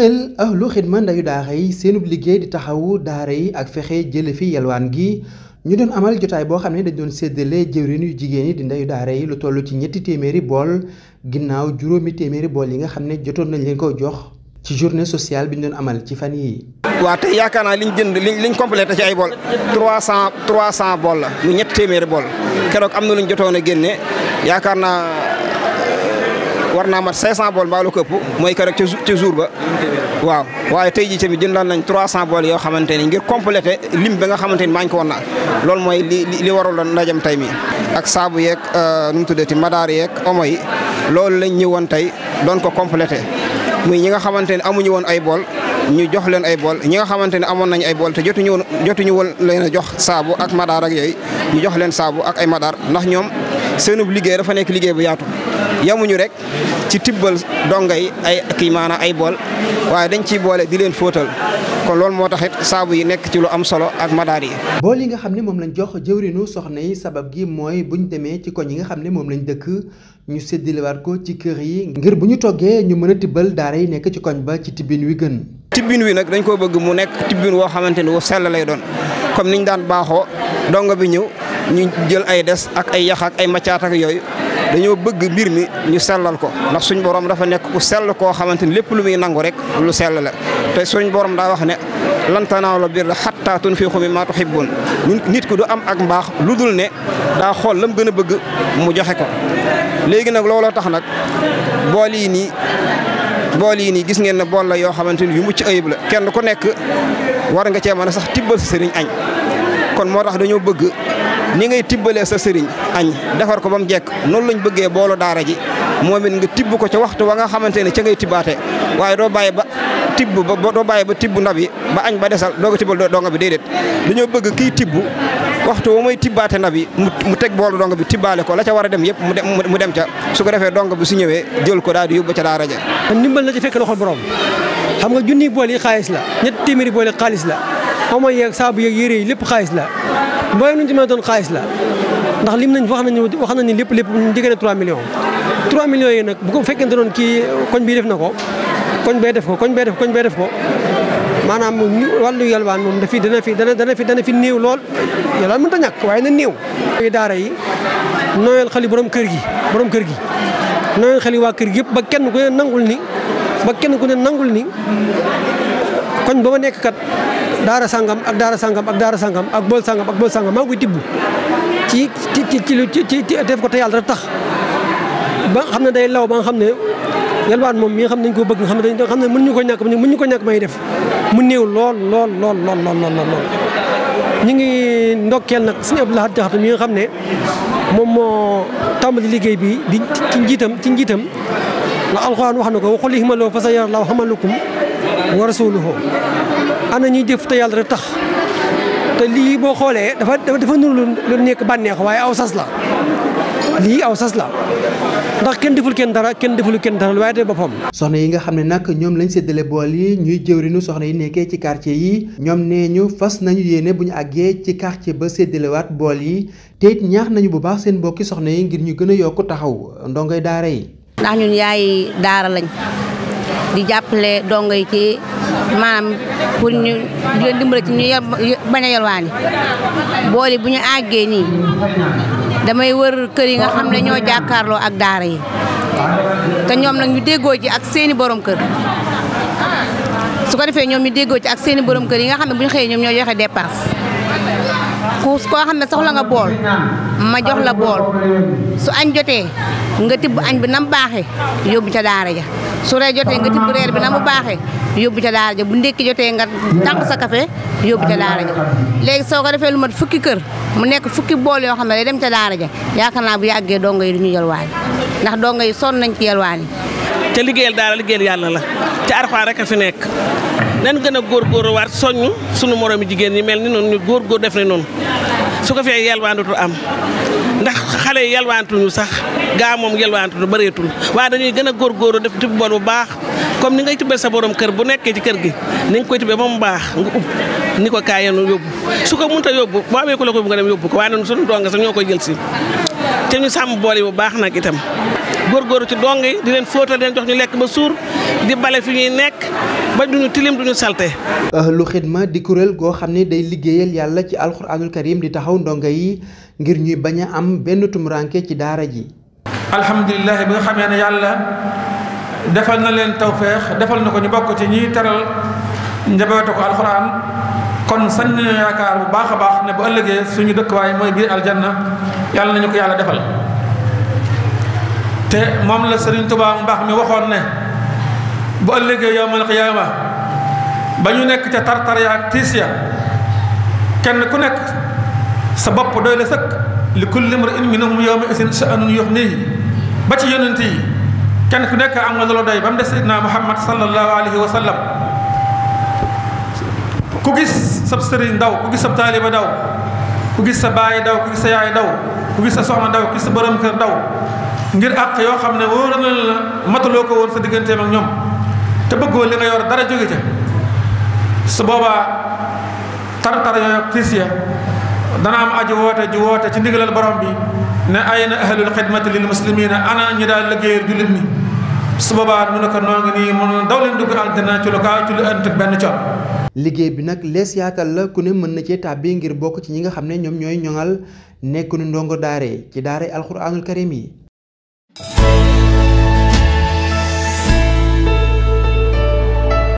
kuréel ahlu xidma ndayu daara yi seenub liggéey di taxawu daara yi ak fexe jële fi yalwaan gi ñu doon amal jotaay boo xam ne dañ doon séddale jëwriñ yu jigéen yi di ndayu daara yi lu toll ci ñetti téeméeri bool ginnaaw juróomi téeméeri bool yi nga xam ne jotoon nañ leen ko jox ci journée sociale bi ñu doon amal ci fan yi waa tey yaakaar naa liñ jënd liñ liñ complété ci ay bool 300 300 bool la lu ñetti téeméeri bool keroog am na luñ jotoon a génne yaakaar war naa mat 500 bool mbaa lu këpp mooy keroog ca jour ba waaw waaye tey jii tamit jëndaan nañ trois 300 bool yoo xamante ni ngir complété lim bi nga xamante ni maa ngi ko loolu mooy li li warul la ndajam tey mi ak saabu yeeg euh, nu mu tuddati madaar yeeg omo yi loolu lañ ñëwoon tey doon ko complété muy ñi nga xamante ne amuñu woon ay bool ñu jox leen ay bool ñi nga xamante ne amoon nañu ay bool te jotuñu woon jotuñu woon leen a jox saabu ak madaar ak yooyu ñu jox leen saabu ak ay madaar ndax ñoom seenub liggéey dafa nekk liggéey bu yaatu yamuñu rek ci tibbal donga yi ay kii maanaam ay bool waaye dañ ciy boole di leen fóotal kon loolu moo taxit saabu yi nekk ci lu am solo ak madaar yi. bool yi nga xam ne moom lañ jox jëwrinu soxna yi sabab gi mooy buñ demee ci koñ yi nga xam ne moom lañ dëkk ñu séddalewaat ko ci kër yi. ngir bu ñu toggee ñu mën a tibbal daara yi nekk ci koñ ba ci tibbin wi gën. tibbin wi nag dañ ko bëgg mu nekk tibbin woo xamante ni wu sell lay doon. comme niñ daan baaxoo dongo bi ñëw ñu jël ay des ak ay yax ak ay macaat ak yooyu dañoo bëgg mbir mi ñu sellal ko ndax suñ boroom dafa nekk ku sell koo xamante ni lépp lu muy nangu rek lu sell la te suñ borom daa wax ne lan tanaalu birra hattaa tunfiqu mimmaa tuhibbuun nit ku du am ak mbaax lu dul ne daa xool lam gën a bëgg mu joxe ko léegi nag looloo tax nag bool bool yi nii gis ngeen ne bool la yoo xamante ni yu mucc ayib la kenn ko nekk war nga cee mën a sax tibbal sa sëriñ añ kon moo tax dañoo bëgg ni ngay tibbalee sa sëriñ añ defar ko ba mu jekk noonu lañ bëggee boolu daara ji moo it nga tibb ko ca waxtu wa nga xamante ne ca ngay tibbaate waaye doo bàyyi ba tibb ba doo bàyyi ba tibb ndab yi ba añ ba desal doo ko tibbal doo nga bi déedéet dañoo bëgg kii tibb waxtu wa muy tibbaate na bi mu teg boolu dong bi tibbaale ko la ca war a dem yëpp mu dem ca su ko defee dong bi su ñëwee jël ko daal di yóbbu ca daara ja ndimbal la ci fekk loxol borom xam nga junni bool i xaalis la ñett téeméeri bool yi xaalis la omo yeeg saabu yeeg yére yi lépp xaalis la mbooyam lu ñu ci mën xaalis la ndax lim nañ wax nañu wax nañ ni lépp lépp jege na 3 millions 3 millions yi nag bu ko fekkente doon kii koñ bi def na ko koñ bee def ko koñ bee def koñ bee def ko maanaam wàllu yalwaan moom dafi dana fi dana dana fi dana fi néew lool yalwaan mënut a ñàkk waaye na néew. daara yi nooyal xel yi borom kër gi borom kër gi nooyal xel waa kër gi yëpp ba kenn ku ne nangul ni ba kenn ku ne nangul nii koñ ba ma nekk kat daara sangam ak daara sangam ak daara sangam ak bool sangam ak bool sangam maa ngi koy tibb ci ci ci ci def ko te yàlla daf tax ba nga xam ne day law ba nga xam ne yalwaan moom mi xam ne dañ koo bëgg nga xam ne xam ne mën ñu ko ñàkk may def mu néew lool lool lool lool lool lool lool ñu ngi ndokkeel nag suñu Abdou la Jaxate mi nga xam ne moom moo tambali liggéey bi di ci njiitam ci njiitam la alxuraan wax na ko waxul ihmaloo fa sayarallahu amalukum wa rasuluhu ana ñuy jëf te yàlla rek tax te lii boo xoolee dafa dafa nuru lu nekk bànneex waaye aw sas la lii aw sas la ndax kenn deful kenn dara kenn deful kenn dara waaye de boppam. soxna yi nga xam ne nag ñoom lañ séddale bool yi ñuy jëwriñu soxna yi nekkee ci quartier yi ñoom nee ñu fas nañu yéene bu ñu àggee ci quartier ba séddalewaat bool yi te it ñaax nañu bu baax seen mbokki soxna yi ngir ñu gën a yokk taxaw ndongoy daara yi. ndax ñun yaay daara lañ di jàppale dongo yi ci maanaam pour ñu leen dimbale ci ñu bañ a yalwaani bool yi bu ñu àggee nii damay wër kër yi nga xam ne ñoo jàkkaarloo ak daara yi te ñoom nag ñu déggoo ji ak seeni borom kër su ko defee ñoom ñu déggoo ci ak seeni borom kër yi nga xam ne bu ñu xëyee ñoom ñoo joxe dépense ku koo xam ne soxla nga bool ma jox la bool su añ jotee nga tibb añ bi nam baaxee yóbbu ca daara ja su reer jotee nga tibb reer bi na mu baaxee yóbbu ca daara ja bu ndékki jotee nga tànk sa kafe yóbbu ca daara ja léegi soo ko defee lu mat fukki kër mu nekk fukki bool yoo xam ne day dem ca daara ja yaakaar naa bu yàggee dongo yi du ñu yalwaan ndax dongo yi sonn nañ ci yalwaan yi te liggéeyal daara liggéeyal yàlla la te arfaa rek a nekk nan gën a góorgóorluwaat soññ sunu moroomi jigéen ñi mel ni noonu ñu góorgóor def ne noonu su ko fee yalwaandutu am ndax xale yi yalwaantuñu sax gaa moom yalwaantuñu bareetul waaye dañuy gën a góor def tibb bool bu baax comme ni ngay tibbee sa boroom kër bu nekkee ci kër gi ni nga koy tibbee ba mu baax nga ub ni ko kaay yenu yóbbu su ko mënta yóbbu boo amee ko la ko nga dem yóbbu ko waaye noonu sunu donga sax ñoo koy jël si te ñu sàmm bool yi bu baax nag itam góorgóorlu ci dong yi di leen fóotal di leen jox ba suur di bale fi ñuy nekk ba duñu tilim duñu salte lu xidma di kuréel goo xam ne day liggéeyal yàlla ci alxuraanul karim di taxaw ndongo yi ngir ñuy bañ a am benn tumuraanke ci daara ji alhamdulilah bi nga xamee ne yàlla defal na leen tawféex defal na ko ñu bokk ci ñiy teral njabootu ko alxuraan kon sañ nañu yaakaar bu baax a baax ne bu ëllëgee suñu dëkkuwaay mooy biir aljanna yàlla nañu ko yàlla defal te moom la Serigne Touba mbaax mi waxoon ne bu ëllëgee yowmal xiyaama ba ñu nekk ca tartar ya ak tiis ya kenn ku nekk sa bopp doy la sëkk li kulli imri'in minhum yawma isin sha'nun yughnihi ba ci yonent yi kenn ku nekka am nga loola doy ba mu des Seydina Muhammad sallallahu alayhi wa sallam ku gis sab sëriñ daw ku gis sab taaliba daw ku gis sa baay daw ku gis sa yaay daw ku gis sa soxna daw ku gis sa borom kër daw ngir àq yoo xam ne wóor na la mataloo ko woon sa digganteem ak ñoom te bëggoo li nga yor dara jóge ca su boobaa tar-tar yooyu ak tiis ya dana am aju woote ju woote ci ndigalal borom bi ne ayna ahlul xidmati lil muslimina ana ñi daal liggéeyal jullit ni su boobaa nu ne ko noo ngi nii mun daw dugg àddina ci lu kaa ci lu ënt benn coono. liggéey bi nag lees yaatal la ku ne mën na cee tàbbi ngir bokk ci ñi nga xam ne ñoom ñooy ñoŋal nekk nu ndongo daare ci daare alxuraanul karim yi.